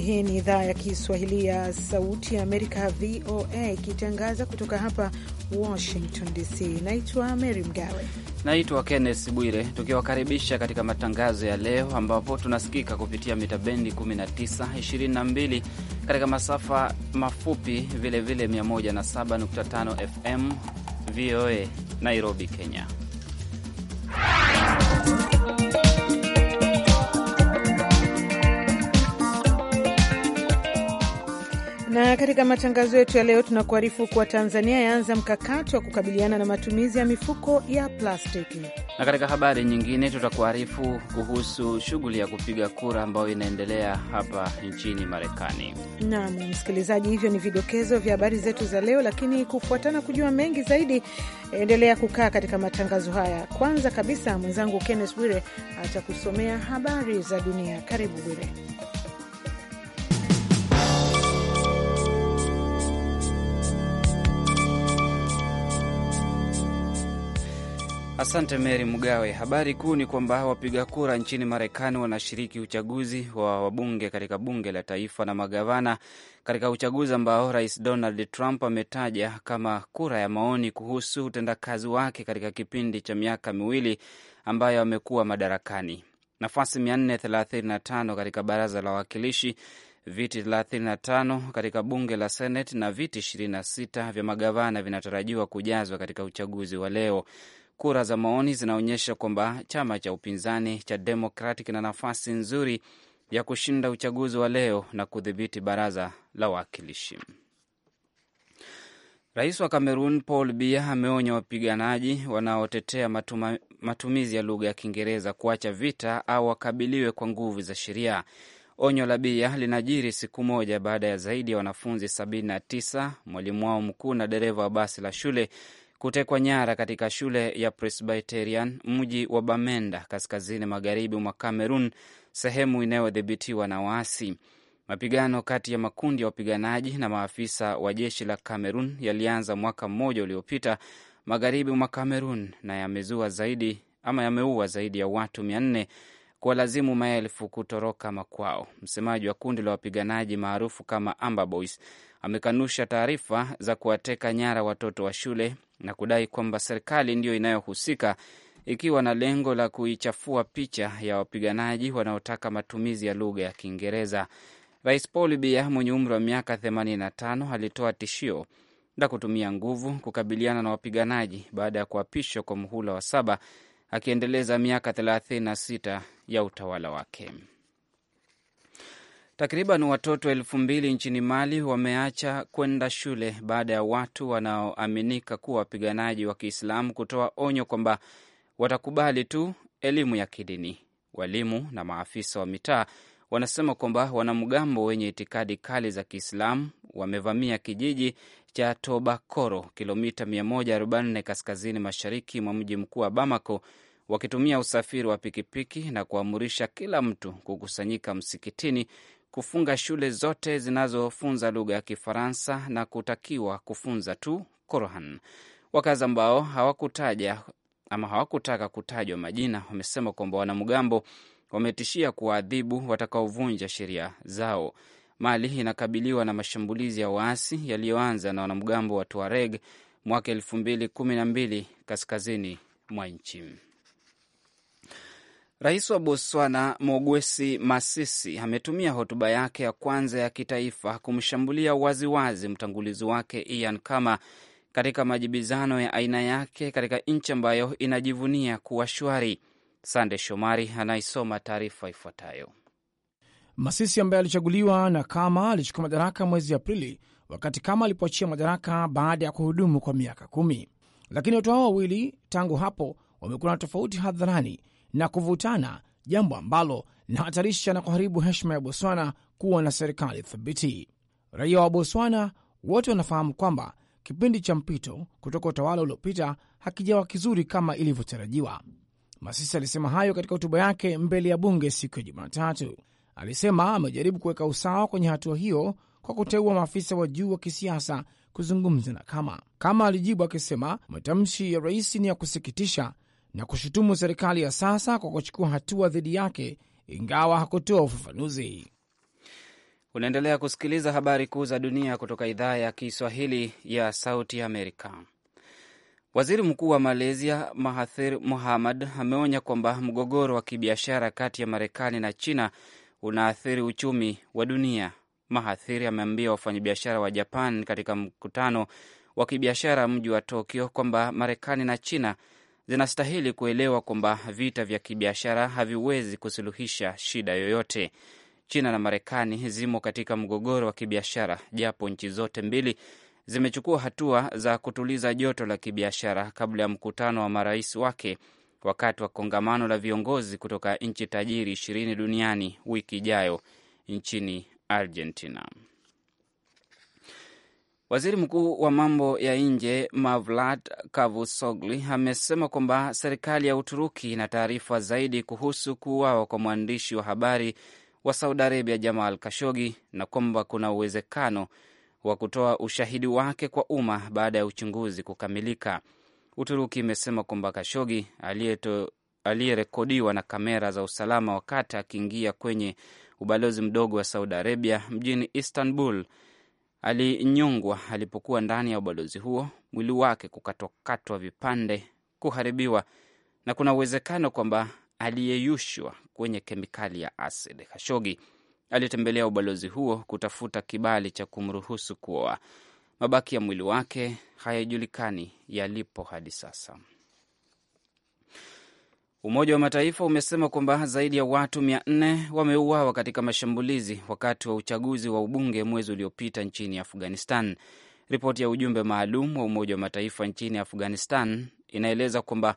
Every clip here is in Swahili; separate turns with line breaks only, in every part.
Hii ni idhaa ya Kiswahili ya Sauti ya Amerika, VOA, ikitangaza kutoka hapa Washington DC. Naitwa Mary Mgawe.
Naitwa Kenneth Bwire, tukiwakaribisha katika matangazo ya leo, ambapo tunasikika kupitia mita bendi 19, 22 katika masafa mafupi, vilevile 107.5 FM VOA Nairobi, Kenya.
Na katika matangazo yetu ya leo tunakuarifu kuwa Tanzania yaanza mkakati wa kukabiliana na matumizi ya mifuko ya plastiki,
na katika habari nyingine tutakuarifu kuhusu shughuli ya kupiga kura ambayo inaendelea hapa nchini Marekani.
Naam msikilizaji, hivyo ni vidokezo vya habari zetu za leo, lakini kufuatana kujua mengi zaidi, endelea kukaa katika matangazo haya. Kwanza kabisa, mwenzangu Kenneth Bwire atakusomea habari za dunia. Karibu Bwire.
Asante Mary Mgawe. Habari kuu ni kwamba wapiga kura nchini Marekani wanashiriki uchaguzi wa wabunge katika bunge la taifa na magavana katika uchaguzi ambao rais Donald Trump ametaja kama kura ya maoni kuhusu utendakazi wake katika kipindi cha miaka miwili ambayo amekuwa madarakani. Nafasi 435 katika baraza la wawakilishi, viti 35 katika bunge la Senate na viti 26 vya magavana vinatarajiwa kujazwa katika uchaguzi wa leo. Kura za maoni zinaonyesha kwamba chama cha upinzani cha Demokrati kina nafasi nzuri ya kushinda uchaguzi wa leo na kudhibiti baraza la wawakilishi. Rais wa Kamerun Paul Biya ameonya wapiganaji wanaotetea matumizi ya lugha ya Kiingereza kuacha vita au wakabiliwe kwa nguvu za sheria. Onyo la Biya linajiri siku moja baada ya zaidi ya wanafunzi 79 mwalimu wao mkuu na dereva wa basi la shule kutekwa nyara katika shule ya Presbyterian mji wa Bamenda, kaskazini magharibi mwa cameron sehemu inayodhibitiwa na waasi. Mapigano kati ya makundi ya wapiganaji na maafisa wa jeshi la cameron yalianza mwaka mmoja uliopita magharibi mwa cameron na yamezua zaidi ama yameua zaidi ya watu mia nne kuwalazimu maelfu kutoroka makwao. Msemaji wa kundi la wapiganaji maarufu kama Amber Boys amekanusha taarifa za kuwateka nyara watoto wa shule na kudai kwamba serikali ndiyo inayohusika ikiwa na lengo la kuichafua picha ya wapiganaji wanaotaka matumizi ya lugha ya Kiingereza. Rais Paul Biya mwenye umri wa miaka 85 alitoa tishio la kutumia nguvu kukabiliana na wapiganaji baada ya kuapishwa kwa muhula wa saba, akiendeleza miaka 36 ya utawala wake. Takriban watoto elfu mbili nchini Mali wameacha kwenda shule baada ya watu wanaoaminika kuwa wapiganaji wa Kiislamu kutoa onyo kwamba watakubali tu elimu ya kidini. Walimu na maafisa wa mitaa wanasema kwamba wanamgambo wenye itikadi kali za Kiislamu wamevamia kijiji cha Tobakoro, kilomita 144 kaskazini mashariki mwa mji mkuu wa Bamako, wakitumia usafiri wa pikipiki na kuamurisha kila mtu kukusanyika msikitini kufunga shule zote zinazofunza lugha ya Kifaransa na kutakiwa kufunza tu Qur'an. Wakazi ambao hawakutaja ama hawakutaka kutajwa majina wamesema kwamba wanamgambo wametishia kuwaadhibu watakaovunja sheria zao. Mali inakabiliwa na mashambulizi ya waasi yaliyoanza na wanamgambo wa Tuareg mwaka elfu mbili kumi na mbili kaskazini mwa nchi. Rais wa Botswana Mogwesi Masisi ametumia hotuba yake ya kwanza ya kitaifa kumshambulia waziwazi mtangulizi wake Ian Kama katika majibizano ya aina yake katika nchi ambayo inajivunia kuwa shwari. Sande Shomari anaisoma taarifa ifuatayo.
Masisi ambaye alichaguliwa na Kama alichukua madaraka mwezi Aprili, wakati Kama alipoachia madaraka baada ya kuhudumu kwa miaka kumi, lakini watu hao wawili tangu hapo wamekuwa na tofauti hadharani na kuvutana, jambo ambalo linahatarisha na kuharibu heshima ya Botswana kuwa na serikali thabiti. Raia wa Botswana wote wanafahamu kwamba kipindi cha mpito kutoka utawala uliopita hakijawa kizuri kama ilivyotarajiwa. masisi alisema hayo katika hotuba yake mbele ya bunge siku ya Jumatatu. Alisema amejaribu kuweka usawa kwenye hatua hiyo kwa kuteua maafisa wa juu wa kisiasa kuzungumza na kama kama alijibu akisema matamshi ya rais ni ya kusikitisha na kushutumu serikali ya sasa kwa kuchukua hatua dhidi yake ingawa hakutoa ufafanuzi.
Unaendelea kusikiliza habari kuu za dunia kutoka idhaa ya Kiswahili ya Sauti Amerika. Waziri Mkuu wa Malaysia Mahathir muhamad ameonya kwamba mgogoro wa kibiashara kati ya Marekani na China unaathiri uchumi wa dunia. Mahathir ameambia wafanyabiashara wa Japan katika mkutano wa kibiashara mji wa Tokyo kwamba Marekani na China zinastahili kuelewa kwamba vita vya kibiashara haviwezi kusuluhisha shida yoyote. China na Marekani zimo katika mgogoro wa kibiashara, japo nchi zote mbili zimechukua hatua za kutuliza joto la kibiashara kabla ya mkutano wa marais wake wakati wa kongamano la viongozi kutoka nchi tajiri ishirini duniani wiki ijayo nchini Argentina. Waziri mkuu wa mambo ya nje mavlad kavusogli amesema kwamba serikali ya Uturuki ina taarifa zaidi kuhusu kuuawa kwa mwandishi wa habari wa Saudi Arabia Jamal Kashogi na kwamba kuna uwezekano wa kutoa ushahidi wake kwa umma baada ya uchunguzi kukamilika. Uturuki imesema kwamba Kashogi aliyerekodiwa na kamera za usalama wakati akiingia kwenye ubalozi mdogo wa Saudi Arabia mjini Istanbul alinyongwa alipokuwa ndani ya ubalozi huo, mwili wake kukatwakatwa vipande, kuharibiwa na kuna uwezekano kwamba aliyeyushwa kwenye kemikali ya asid Khashogi alitembelea ubalozi huo kutafuta kibali cha kumruhusu kuoa. Mabaki ya mwili wake hayajulikani yalipo hadi sasa. Umoja wa Mataifa umesema kwamba zaidi ya watu mia nne wameuawa katika mashambulizi wakati wa uchaguzi wa ubunge mwezi uliopita nchini Afghanistan. Ripoti ya ujumbe maalum wa Umoja wa Mataifa nchini Afghanistan inaeleza kwamba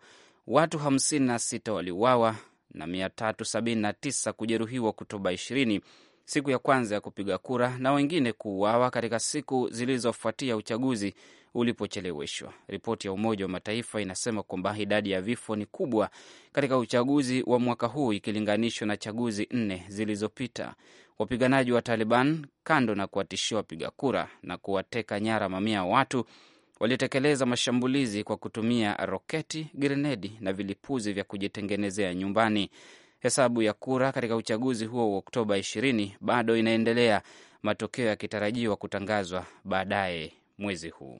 watu 56 waliuawa na 379 kujeruhiwa oktoba 20 siku ya kwanza ya kupiga kura na wengine kuuawa katika siku zilizofuatia uchaguzi ulipocheleweshwa. Ripoti ya Umoja wa Mataifa inasema kwamba idadi ya vifo ni kubwa katika uchaguzi wa mwaka huu ikilinganishwa na chaguzi nne zilizopita. Wapiganaji wa Taliban, kando na kuwatishia wapiga kura na kuwateka nyara mamia ya watu, walitekeleza mashambulizi kwa kutumia roketi, grenedi na vilipuzi vya kujitengenezea nyumbani. Hesabu ya kura katika uchaguzi huo wa Oktoba 20 bado inaendelea, matokeo yakitarajiwa kutangazwa baadaye mwezi huu.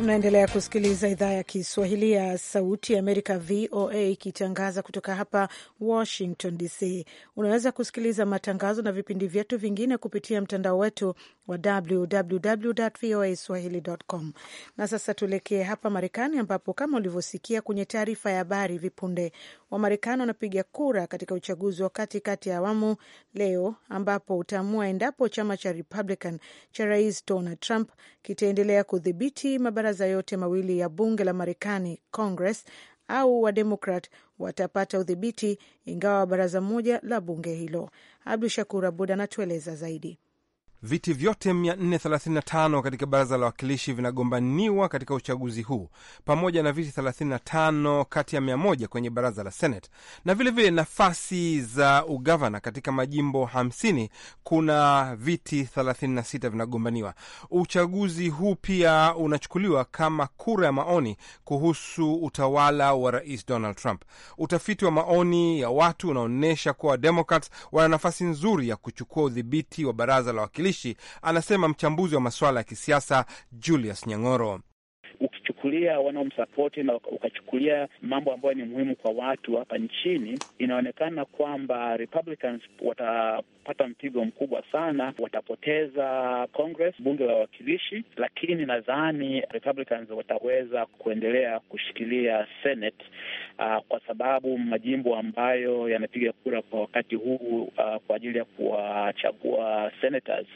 Unaendelea kusikiliza idhaa ya Kiswahili ya Sauti ya Amerika, VOA, ikitangaza kutoka hapa Washington DC. Unaweza kusikiliza matangazo na vipindi vyetu vingine kupitia mtandao wetu wa www voa swahilicom. Na sasa tuelekee hapa Marekani, ambapo kama ulivyosikia kwenye taarifa ya habari vipunde, Wamarekani wanapiga kura katika uchaguzi wa katikati ya awamu leo, ambapo utaamua endapo chama cha Republican cha Rais Donald Trump kitaendelea kudhibiti mabaraza yote mawili ya bunge la Marekani, Congress, au Wademokrat watapata udhibiti ingawa baraza moja la bunge hilo. Abdu Shakur Abud anatueleza zaidi.
Viti vyote 435 katika baraza la wawakilishi vinagombaniwa katika uchaguzi huu pamoja na viti 35 kati ya 100 kwenye baraza la Senate na vilevile vile nafasi za ugavana katika majimbo 50 kuna viti 36 vinagombaniwa. Uchaguzi huu pia unachukuliwa kama kura ya maoni kuhusu utawala wa Rais Donald Trump. Utafiti wa maoni ya watu unaonyesha kuwa Wademokrat wana nafasi nzuri ya kuchukua udhibiti wa baraza la wakilishi mwakilishi, anasema mchambuzi wa masuala ya kisiasa Julius Nyang'oro
ukichukulia wanaomsapoti na ukachukulia mambo ambayo ni muhimu kwa watu hapa nchini, inaonekana kwamba Republicans watapata mpigo mkubwa sana, watapoteza Congress, bunge la wawakilishi, lakini nadhani Republicans wataweza kuendelea kushikilia Senate uh, kwa sababu majimbo ambayo yanapiga kura kwa wakati huu uh, kwa ajili ya kuwachagua senators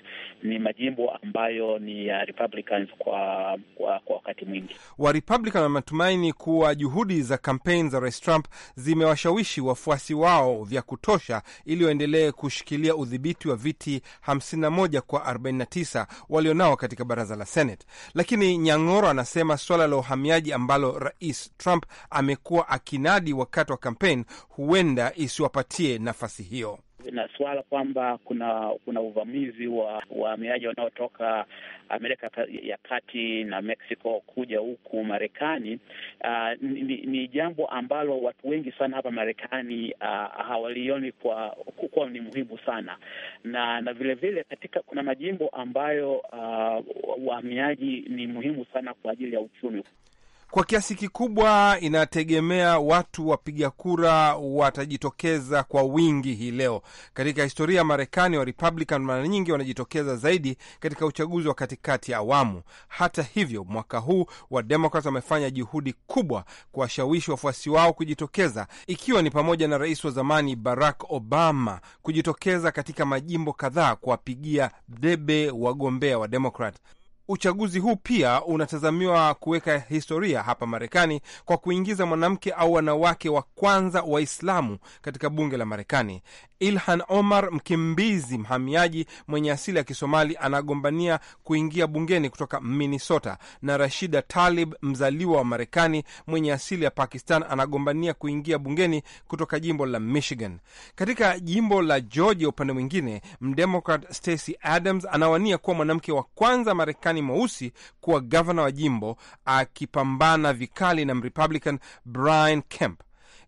ni majimbo ambayo ni ya Republicans kwa, kwa, kwa wakati mwingi
wa Republican wanatumaini kuwa juhudi za kampeni za Rais Trump zimewashawishi wafuasi wao vya kutosha ili waendelee kushikilia udhibiti wa viti 51 kwa 49 walionao katika baraza la Senate. Lakini Nyang'oro anasema suala la uhamiaji ambalo Rais Trump amekuwa akinadi wakati wa kampeni huenda isiwapatie nafasi hiyo
na suala kwamba kuna kuna uvamizi wa wahamiaji wanaotoka Amerika ya Kati na Mexico kuja huku Marekani, uh, ni, ni jambo ambalo watu wengi sana hapa Marekani uh, hawalioni kwa kuwa ni muhimu sana, na na vilevile vile katika kuna majimbo ambayo uh, wahamiaji ni muhimu sana kwa ajili ya uchumi
kwa kiasi kikubwa inategemea watu wapiga kura watajitokeza kwa wingi hii leo. Katika historia ya Marekani, wa Republican mara nyingi wanajitokeza zaidi katika uchaguzi wa katikati ya awamu. Hata hivyo, mwaka huu wa wamefanya juhudi kubwa kuwashawishi wafuasi wao kujitokeza, ikiwa ni pamoja na rais wa zamani Barack Obama kujitokeza katika majimbo kadhaa kuwapigia debe wagombea wa Demokrat. Uchaguzi huu pia unatazamiwa kuweka historia hapa Marekani kwa kuingiza mwanamke au wanawake wa kwanza Waislamu katika bunge la Marekani. Ilhan Omar, mkimbizi mhamiaji mwenye asili ya Kisomali, anagombania kuingia bungeni kutoka Minnesota, na Rashida Talib, mzaliwa wa Marekani mwenye asili ya Pakistan, anagombania kuingia bungeni kutoka jimbo la Michigan. Katika jimbo la Georgia, upande mwingine, mdemokrat Stacey Adams anawania kuwa mwanamke wa kwanza Marekani mweusi kuwa gavana wa jimbo, akipambana vikali na mrepublican Brian Kemp.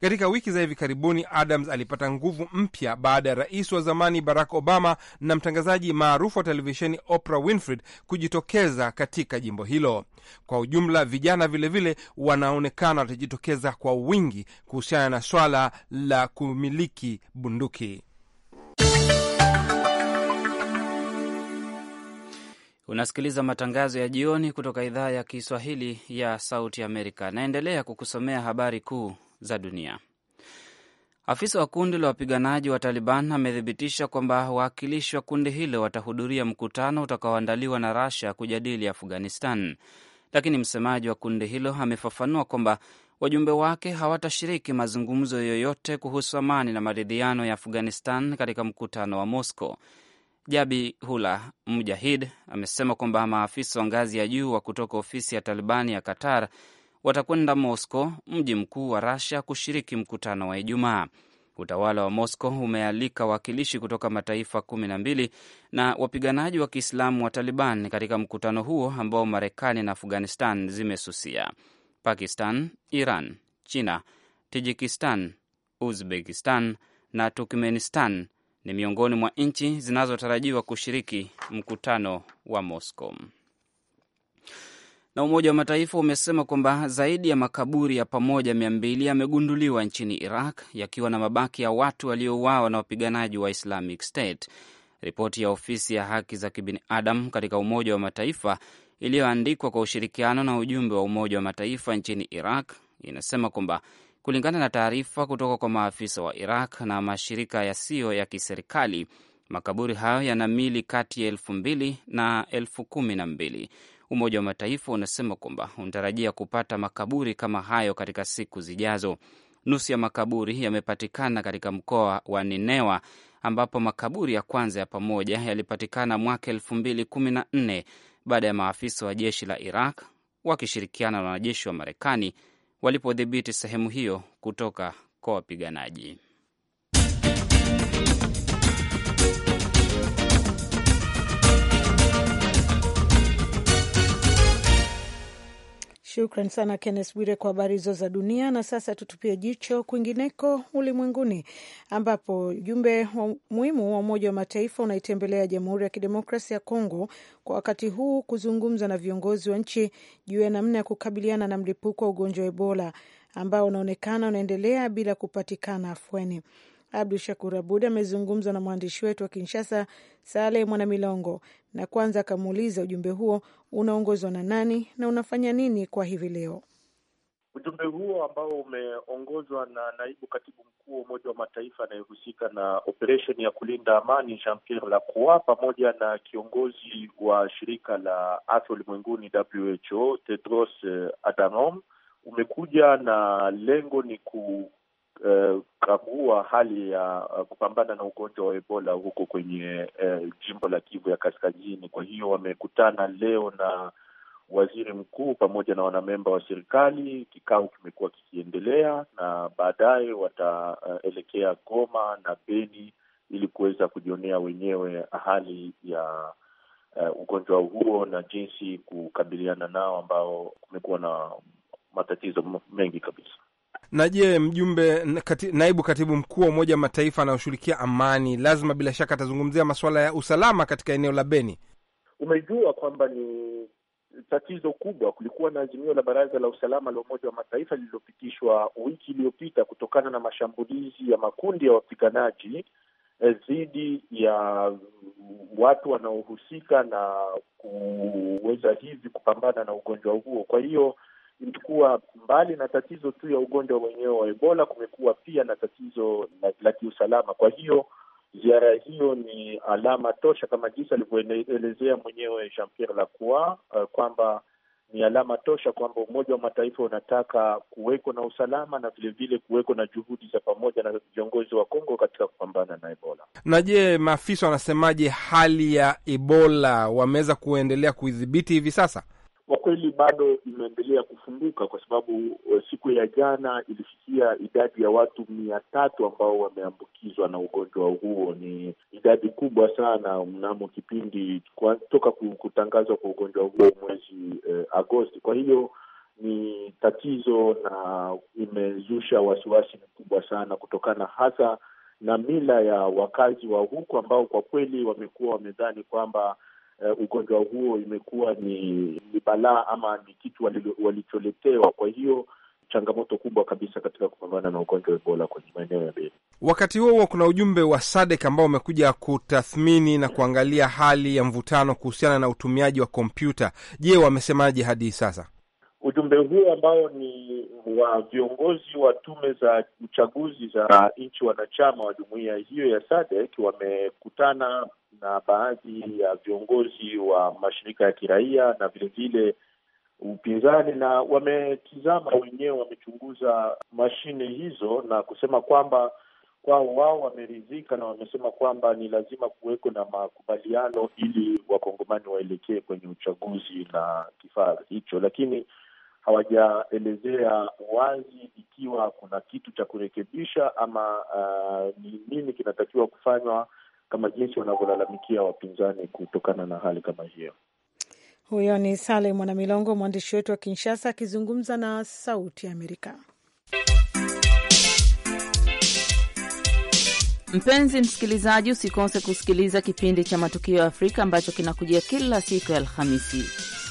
Katika wiki za hivi karibuni, Adams alipata nguvu mpya baada ya rais wa zamani Barack Obama na mtangazaji maarufu wa televisheni Oprah Winfrey kujitokeza katika jimbo hilo. Kwa ujumla, vijana vilevile wanaonekana watajitokeza kwa wingi kuhusiana na swala la kumiliki bunduki.
Unasikiliza matangazo ya jioni kutoka idhaa ya Kiswahili ya Sauti Amerika. Naendelea kukusomea habari kuu za dunia. Afisa wa kundi la wapiganaji wa Taliban amethibitisha kwamba wawakilishi wa kundi hilo watahudhuria mkutano utakaoandaliwa na Russia kujadili Afghanistan, lakini msemaji wa kundi hilo amefafanua kwamba wajumbe wake hawatashiriki mazungumzo yoyote kuhusu amani na maridhiano ya Afghanistan katika mkutano wa Moscow. Jabi Hula Mujahid amesema kwamba maafisa wa ngazi ya juu wa kutoka ofisi ya Talibani ya Qatar watakwenda Moscow, mji mkuu wa rusia kushiriki mkutano wa Ijumaa. Utawala wa Moscow umealika wawakilishi kutoka mataifa kumi na mbili na wapiganaji wa Kiislamu wa Taliban katika mkutano huo ambao Marekani na Afghanistan zimesusia. Pakistan, Iran, China, Tajikistan, Uzbekistan na Turkmenistan ni miongoni mwa nchi zinazotarajiwa kushiriki mkutano wa Moscow na Umoja wa Mataifa umesema kwamba zaidi ya makaburi ya pamoja mia mbili yamegunduliwa nchini Iraq yakiwa na mabaki ya watu waliouawa na wapiganaji wa Islamic State. Ripoti ya ofisi ya haki za kibinadamu katika Umoja wa Mataifa iliyoandikwa kwa ushirikiano na ujumbe wa Umoja wa Mataifa nchini Iraq inasema kwamba kulingana na taarifa kutoka kwa maafisa wa Iraq na mashirika yasiyo ya kiserikali, makaburi hayo yana mili kati ya elfu mbili na elfu kumi na mbili. Umoja wa Mataifa unasema kwamba unatarajia kupata makaburi kama hayo katika siku zijazo. Nusu ya makaburi yamepatikana katika mkoa wa Ninewa ambapo makaburi ya kwanza ya pamoja yalipatikana mwaka elfu mbili kumi na nne baada ya maafisa wa jeshi la Iraq wakishirikiana na wanajeshi wa Marekani walipodhibiti sehemu hiyo kutoka kwa wapiganaji.
Shukran sana Kennes Bwire kwa habari hizo za dunia. Na sasa tutupie jicho kwingineko ulimwenguni, ambapo ujumbe muhimu wa Umoja wa Mataifa unaitembelea Jamhuri ya Kidemokrasia ya Kongo kwa wakati huu kuzungumza na viongozi wa nchi juu ya namna ya kukabiliana na mlipuko wa ugonjwa wa Ebola ambao unaonekana unaendelea bila kupatikana afueni. Abdu Shakur Abud amezungumza na mwandishi wetu wa Kinshasa, Saleh Mwanamilongo, na kwanza akamuuliza ujumbe huo unaongozwa na nani na unafanya nini kwa hivi leo?
Ujumbe huo ambao umeongozwa na naibu katibu mkuu wa Umoja wa Mataifa anayehusika na operesheni ya kulinda amani Jean Pierre Lacroix, pamoja na kiongozi wa shirika la afya ulimwenguni WHO Tedros Adhanom, umekuja na lengo ni ku Eh, kukagua uh, hali ya uh, kupambana na ugonjwa wa Ebola huko kwenye uh, jimbo la Kivu ya Kaskazini. Kwa hiyo wamekutana leo na waziri mkuu pamoja na wanamemba wa serikali. Kikao kimekuwa kikiendelea na baadaye wataelekea uh, Goma na Beni ili kuweza kujionea wenyewe hali ya uh, ugonjwa huo na jinsi kukabiliana nao, ambao kumekuwa na matatizo mengi
kabisa. Na je, mjumbe kati, naibu katibu mkuu wa Umoja wa Mataifa anayoshughulikia amani lazima bila shaka atazungumzia masuala ya usalama katika eneo la Beni.
Umejua kwamba ni tatizo kubwa. Kulikuwa na azimio la Baraza la Usalama la Umoja wa Mataifa lililopitishwa wiki iliyopita kutokana na mashambulizi ya makundi ya wapiganaji eh, dhidi ya watu wanaohusika na kuweza hivi kupambana na ugonjwa huo. Kwa hiyo ilikuwa mbali na tatizo tu ya ugonjwa wenyewe wa Ebola, kumekuwa pia na tatizo la kiusalama. Kwa hiyo ziara hiyo ni alama tosha, kama jinsi alivyoelezea mwenyewe Jean Pierre Lacroix uh, kwamba ni alama tosha kwamba Umoja wa Mataifa unataka kuweko na usalama na vilevile kuweko na juhudi za pamoja na viongozi wa Kongo katika kupambana na Ebola.
Na je, maafisa wanasemaje hali ya Ebola, wameweza kuendelea kuidhibiti hivi sasa?
kwa kweli bado imeendelea kufunguka kwa sababu eh, siku ya jana ilifikia idadi ya watu mia tatu ambao wameambukizwa na ugonjwa huo. Ni idadi kubwa sana mnamo kipindi toka kutangazwa kwa ugonjwa huo mwezi eh, Agosti. Kwa hiyo ni tatizo na imezusha wasiwasi mkubwa sana kutokana hasa na mila ya wakazi wa huku ambao kwa kweli wamekuwa wamedhani kwamba uh, ugonjwa huo imekuwa ni, ni balaa ama ni kitu walicholetewa. Kwa hiyo changamoto kubwa kabisa katika kupambana na ugonjwa wa Ebola kwenye maeneo ya Beni.
Wakati huo huo, kuna ujumbe wa SADC ambao umekuja kutathmini na kuangalia hali ya mvutano kuhusiana na utumiaji wa kompyuta. Je, wamesemaje hadi sasa?
Ujumbe huo ambao ni wa viongozi wa tume za uchaguzi za nchi wanachama wa jumuiya hiyo ya SADC wamekutana na baadhi ya viongozi wa mashirika ya kiraia na vilevile upinzani, na wametizama wenyewe, wamechunguza mashine hizo na kusema kwamba kwao wao wameridhika na wamesema kwamba ni lazima kuweko na makubaliano ili wakongomani waelekee kwenye uchaguzi na kifaa hicho, lakini hawajaelezea wazi ikiwa kuna kitu cha kurekebisha ama uh, nini kinatakiwa kufanywa kama jinsi wanavyolalamikia wapinzani kutokana na hali kama hiyo.
Huyo ni Sale Mwanamilongo, mwandishi wetu wa Kinshasa, akizungumza na Sauti ya Amerika.
Mpenzi msikilizaji, usikose kusikiliza kipindi cha Matukio ya Afrika ambacho kinakujia kila siku ya Alhamisi.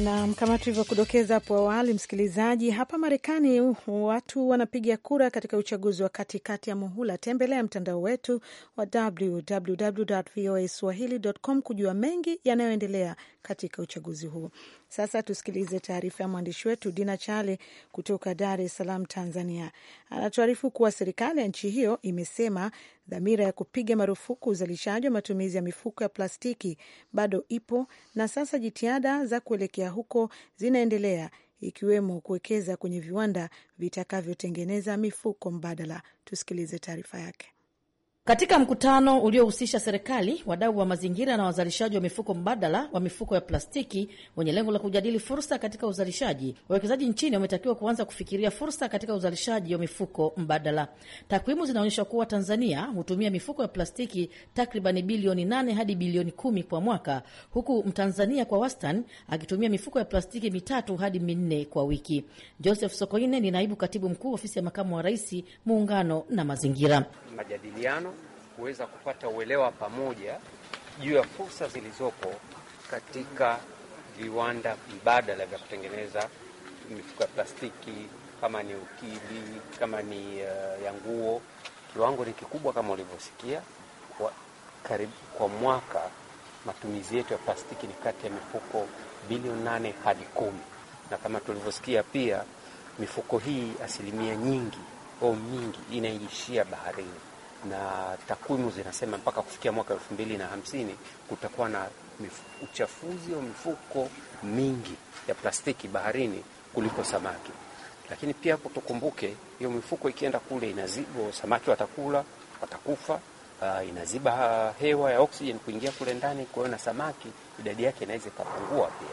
Nam, kama tulivyokudokeza hapo awali, msikilizaji, hapa Marekani watu wanapiga kura katika uchaguzi wa katikati ya muhula. Tembelea mtandao wetu wa www voa swahili com kujua mengi yanayoendelea katika uchaguzi huo. Sasa tusikilize taarifa ya mwandishi wetu Dina Chale kutoka Dar es Salaam, Tanzania. Anatuarifu kuwa serikali ya nchi hiyo imesema dhamira ya kupiga marufuku uzalishaji wa matumizi ya mifuko ya plastiki bado ipo na sasa jitihada za kuelekea huko zinaendelea ikiwemo kuwekeza kwenye viwanda vitakavyotengeneza mifuko mbadala. Tusikilize taarifa yake. Katika mkutano uliohusisha serikali,
wadau wa mazingira na wazalishaji wa mifuko mbadala wa mifuko ya plastiki wenye lengo la kujadili fursa katika uzalishaji, wawekezaji nchini wametakiwa kuanza kufikiria fursa katika uzalishaji wa mifuko mbadala. Takwimu zinaonyesha kuwa Tanzania hutumia mifuko ya plastiki takribani bilioni 8 hadi bilioni 10 kwa mwaka, huku Mtanzania kwa wastani akitumia mifuko ya plastiki mitatu hadi minne kwa wiki. Joseph Sokoine ni naibu katibu mkuu ofisi ya makamu wa rais, muungano na mazingira.
Majadiliano kuweza kupata uelewa pamoja juu ya fursa zilizopo katika viwanda mbadala vya kutengeneza mifuko ya plastiki, kama ni ukili, kama ni uh, ya nguo. Kiwango ni kikubwa kama ulivyosikia. Kwa, karibu, kwa mwaka matumizi yetu ya plastiki ni kati ya mifuko bilioni nane hadi kumi, na kama tulivyosikia pia mifuko hii asilimia nyingi au mingi inaishia baharini na takwimu zinasema mpaka kufikia mwaka elfu mbili na hamsini kutakuwa na uchafuzi wa mifuko mingi ya plastiki baharini kuliko samaki. Lakini pia tukumbuke, hiyo mifuko ikienda kule inaziba, samaki watakula, watakufa. Uh, inaziba hewa ya oksijeni kuingia kule ndani, kwa hiyo na samaki idadi yake inaweza ikapungua pia.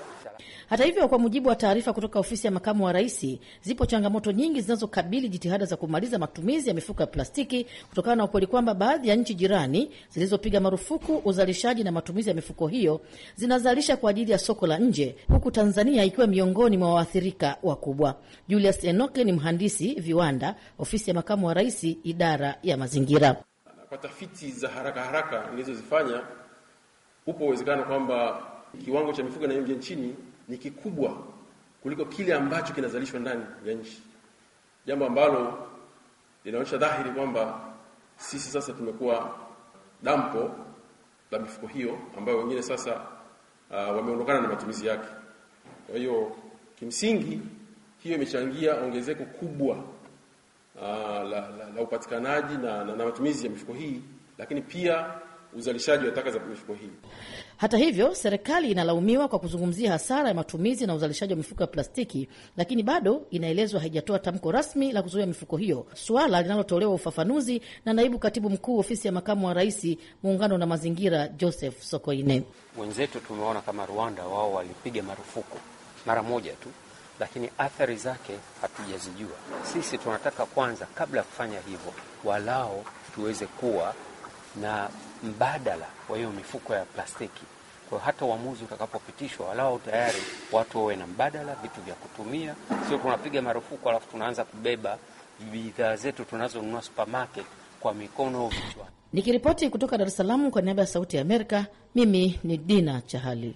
Hata hivyo, kwa mujibu wa taarifa kutoka ofisi ya makamu wa rais, zipo changamoto nyingi zinazokabili jitihada za kumaliza matumizi ya mifuko ya plastiki kutokana na ukweli kwamba baadhi ya nchi jirani zilizopiga marufuku uzalishaji na matumizi ya mifuko hiyo zinazalisha kwa ajili ya soko la nje, huku Tanzania ikiwa miongoni mwa waathirika wakubwa. Julius Enoke ni mhandisi viwanda, ofisi ya makamu wa rais, idara ya mazingira.
Kwa tafiti za haraka haraka nilizozifanya, upo uwezekano kwamba kiwango cha mifuko inayoingia nchini ni kikubwa kuliko kile ambacho kinazalishwa ndani ya nchi, jambo ambalo linaonyesha dhahiri kwamba sisi sasa tumekuwa dampo la mifuko hiyo ambayo wengine sasa uh, wameondokana na matumizi yake. Kwa hiyo kimsingi hiyo imechangia ongezeko kubwa uh, la, la, la upatikanaji na, na, na matumizi ya mifuko hii, lakini pia uzalishaji wa taka za mifuko hii.
Hata hivyo, serikali inalaumiwa kwa kuzungumzia hasara ya matumizi na uzalishaji wa mifuko ya plastiki, lakini bado inaelezwa haijatoa tamko rasmi la kuzuia mifuko hiyo, suala linalotolewa ufafanuzi na naibu katibu mkuu ofisi ya makamu wa rais muungano na mazingira, Joseph Sokoine.
Wenzetu tumeona kama Rwanda, wao walipiga marufuku mara moja tu, lakini athari zake hatujazijua. Sisi tunataka kwanza, kabla ya kufanya hivyo, walao tuweze kuwa na mbadala wa hiyo mifuko ya plastiki kwa hata uamuzi utakapopitishwa, walao tayari watu wawe na mbadala, vitu vya kutumia, sio tunapiga marufuku alafu tunaanza kubeba bidhaa zetu tunazonunua supermarket kwa mikono vichwani.
Nikiripoti kutoka Dar es Salaam kwa niaba ya Sauti ya Amerika, mimi ni Dina Chahali.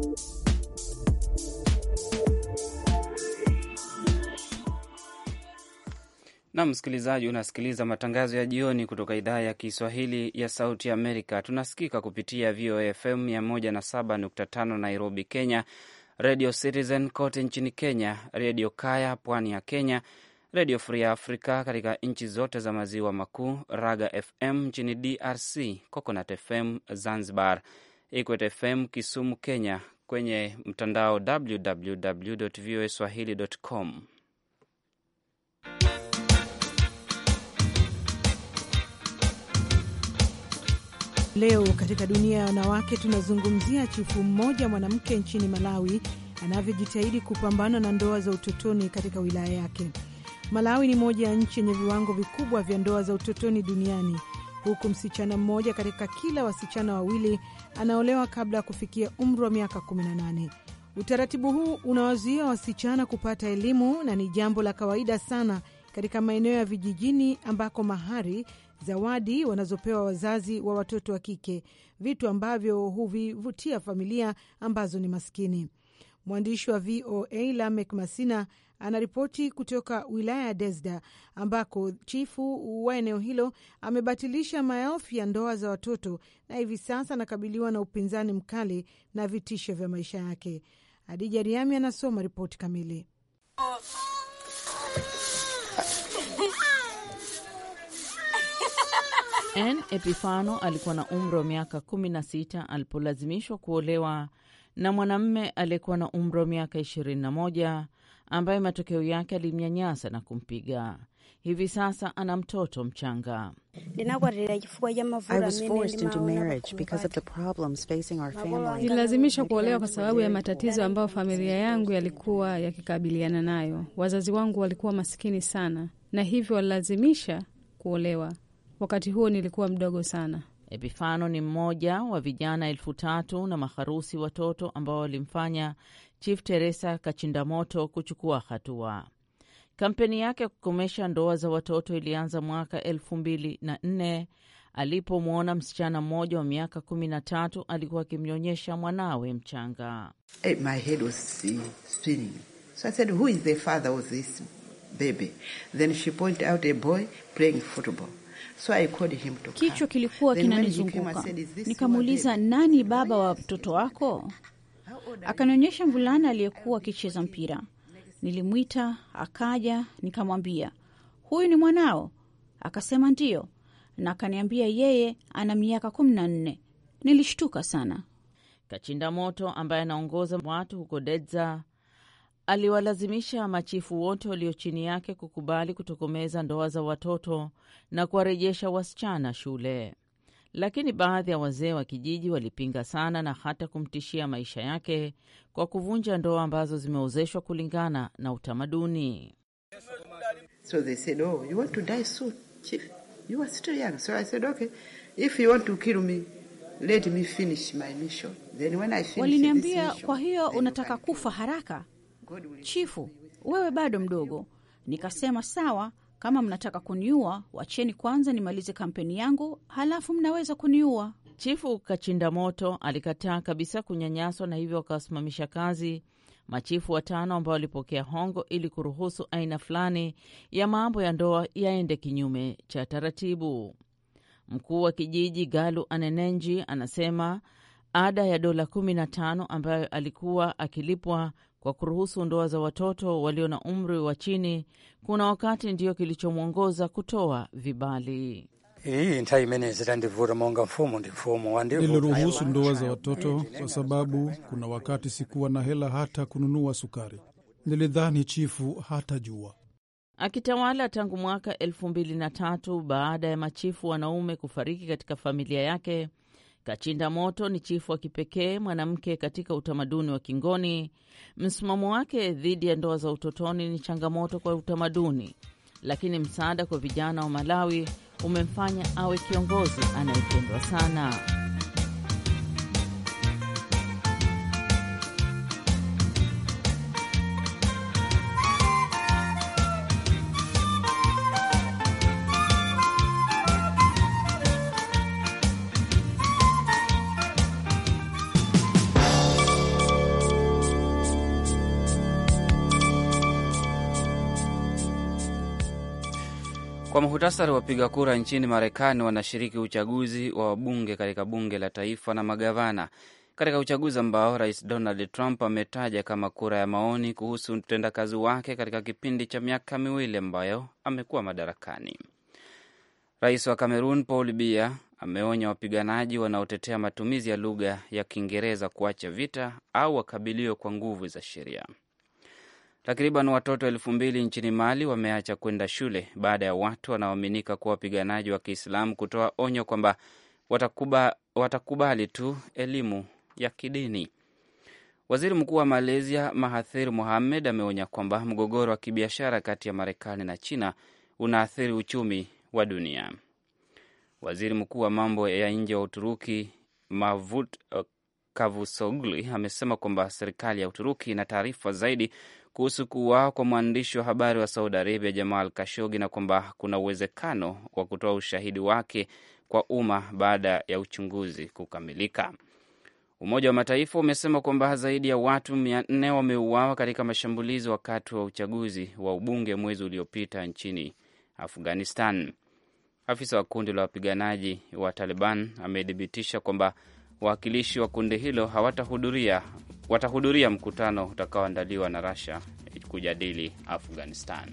Na msikilizaji, unasikiliza matangazo ya jioni kutoka idhaa ya Kiswahili ya Sauti Amerika. Tunasikika kupitia VOA FM 107.5 Nairobi, Kenya, Radio Citizen kote nchini Kenya, Redio Kaya pwani ya Kenya, Redio Free Africa katika nchi zote za maziwa makuu, Raga FM nchini DRC, Coconut FM Zanzibar, Ikwet FM Kisumu, Kenya, kwenye mtandao www voa swahili com
Leo katika dunia ya wanawake tunazungumzia chifu mmoja mwanamke nchini Malawi anavyojitahidi kupambana na ndoa za utotoni katika wilaya yake. Malawi ni moja ya nchi yenye viwango vikubwa vya ndoa za utotoni duniani, huku msichana mmoja katika kila wasichana wawili anaolewa kabla ya kufikia umri wa miaka 18. Utaratibu huu unawazuia wasichana kupata elimu na ni jambo la kawaida sana katika maeneo ya vijijini ambako mahari zawadi wanazopewa wazazi wa watoto wa kike, vitu ambavyo huvivutia familia ambazo ni maskini. Mwandishi wa VOA Lamek Masina anaripoti kutoka wilaya ya Desda ambako chifu wa eneo hilo amebatilisha maelfu ya ndoa za watoto na hivi sasa anakabiliwa na upinzani mkali na vitisho vya maisha yake. Adija Riami anasoma ripoti kamili.
N Epifano alikuwa na umri wa miaka 16 alipolazimishwa kuolewa na mwanamume aliyekuwa na umri wa miaka 21 ambaye matokeo yake alimnyanyasa na kumpiga. Hivi sasa ana mtoto mchanga.
Nililazimishwa kuolewa kwa sababu ya matatizo ambayo familia yangu yalikuwa yakikabiliana nayo. Wazazi wangu walikuwa masikini sana, na hivyo walilazimisha kuolewa. Wakati
huo nilikuwa mdogo sana. Epifano ni mmoja wa vijana elfu tatu na maharusi watoto ambao walimfanya Chief Teresa Kachindamoto kuchukua hatua. Kampeni yake ya kukomesha ndoa za watoto ilianza mwaka elfu mbili na nne alipomwona msichana mmoja wa miaka kumi na tatu alikuwa akimnyonyesha mwanawe mchanga.
Eh, hey, So So I called him to kichwa
kilikuwa kinanizunguka, nikamuuliza nani baba wa mtoto wako? Akanionyesha mvulana aliyekuwa akicheza mpira. Nilimwita akaja, nikamwambia huyu ni mwanao? Akasema ndiyo, na akaniambia yeye ana miaka kumi na nne. Nilishtuka sana. Kachinda Moto ambaye anaongoza watu huko Dedza aliwalazimisha machifu wote walio chini yake kukubali kutokomeza ndoa za watoto na kuwarejesha wasichana shule, lakini baadhi ya wazee wa kijiji walipinga sana na hata kumtishia maisha yake kwa kuvunja ndoa ambazo zimeozeshwa kulingana na utamaduni.
So they said, oh, you want to die soon, chief. You are still young. So I said, okay, if you want to kill me, let me finish my mission. Then when I finish waliniambia, kwa
hiyo unataka kufa haraka chifu, wewe bado mdogo. Nikasema sawa, kama mnataka kuniua, wacheni kwanza nimalize kampeni yangu, halafu mnaweza kuniua. Chifu Kachinda Moto alikataa kabisa kunyanyaswa na hivyo wakawasimamisha kazi machifu watano ambao walipokea hongo ili kuruhusu aina fulani ya mambo ya ndoa yaende kinyume cha taratibu. Mkuu wa kijiji Galu Anenenji anasema ada ya dola 15 ambayo alikuwa akilipwa kwa kuruhusu ndoa za watoto walio na umri wa chini. Kuna wakati ndiyo kilichomwongoza kutoa vibali.
Niliruhusu ndoa za watoto kwa
sababu kuna wakati sikuwa na hela hata kununua sukari. Nilidhani chifu hata jua.
Akitawala tangu mwaka elfu mbili na tatu baada ya machifu wanaume kufariki katika familia yake, Kachinda Moto ni chifu wa kipekee mwanamke katika utamaduni wa Kingoni. Msimamo wake dhidi ya ndoa za utotoni ni changamoto kwa utamaduni, lakini msaada kwa vijana wa Malawi umemfanya awe kiongozi anayependwa sana.
Muktasari wapiga kura nchini Marekani wanashiriki uchaguzi wa wabunge katika bunge la taifa na magavana katika uchaguzi ambao rais Donald Trump ametaja kama kura ya maoni kuhusu utendakazi wake katika kipindi cha miaka miwili ambayo amekuwa madarakani. Rais wa cameron Paul Biya ameonya wapiganaji wanaotetea matumizi ya lugha ya Kiingereza kuacha vita au wakabiliwe kwa nguvu za sheria. Takriban watoto elfu mbili nchini Mali wameacha kwenda shule baada ya watu wanaoaminika kuwa wapiganaji wa Kiislamu kutoa onyo kwamba watakuba, watakubali tu elimu ya kidini. Waziri Mkuu wa Malaysia Mahathir muhamed ameonya kwamba mgogoro wa kibiashara kati ya Marekani na China unaathiri uchumi wa dunia. Waziri Mkuu wa mambo ya nje wa Uturuki Mavut kavusogli amesema kwamba serikali ya Uturuki ina taarifa zaidi kuhusu kuuawa kwa mwandishi wa habari wa Saudi Arabia Jamal Kashogi na kwamba kuna uwezekano wa kutoa ushahidi wake kwa umma baada ya uchunguzi kukamilika. Umoja wa Mataifa umesema kwamba zaidi ya watu mia nne wameuawa katika mashambulizi wakati wa uchaguzi wa ubunge mwezi uliopita nchini Afghanistan. Afisa wa kundi la wapiganaji wa Taliban amethibitisha kwamba wawakilishi wa kundi hilo hawatahudhuria watahudhuria mkutano utakaoandaliwa na Russia kujadili
Afghanistan.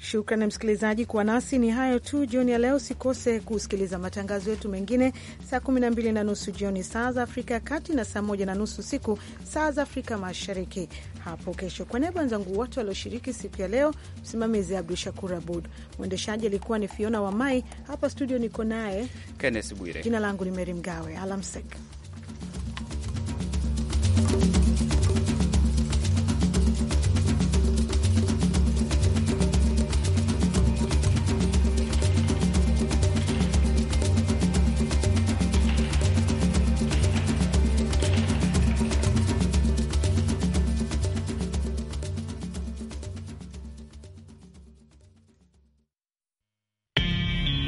Shukrani msikilizaji kuwa nasi. Ni hayo tu jioni ya leo. Usikose kusikiliza matangazo yetu mengine saa 12 na nusu jioni saa za Afrika ya Kati na saa 1 na nusu usiku saa za Afrika Mashariki hapo kesho. Kwa niaba wenzangu wote walioshiriki siku ya leo, msimamizi Abdu Shakur Abud, mwendeshaji alikuwa ni Fiona Wamai, hapa studio niko naye
Kennes Bwire, jina
langu ni Meri Mgawe. Alamsek.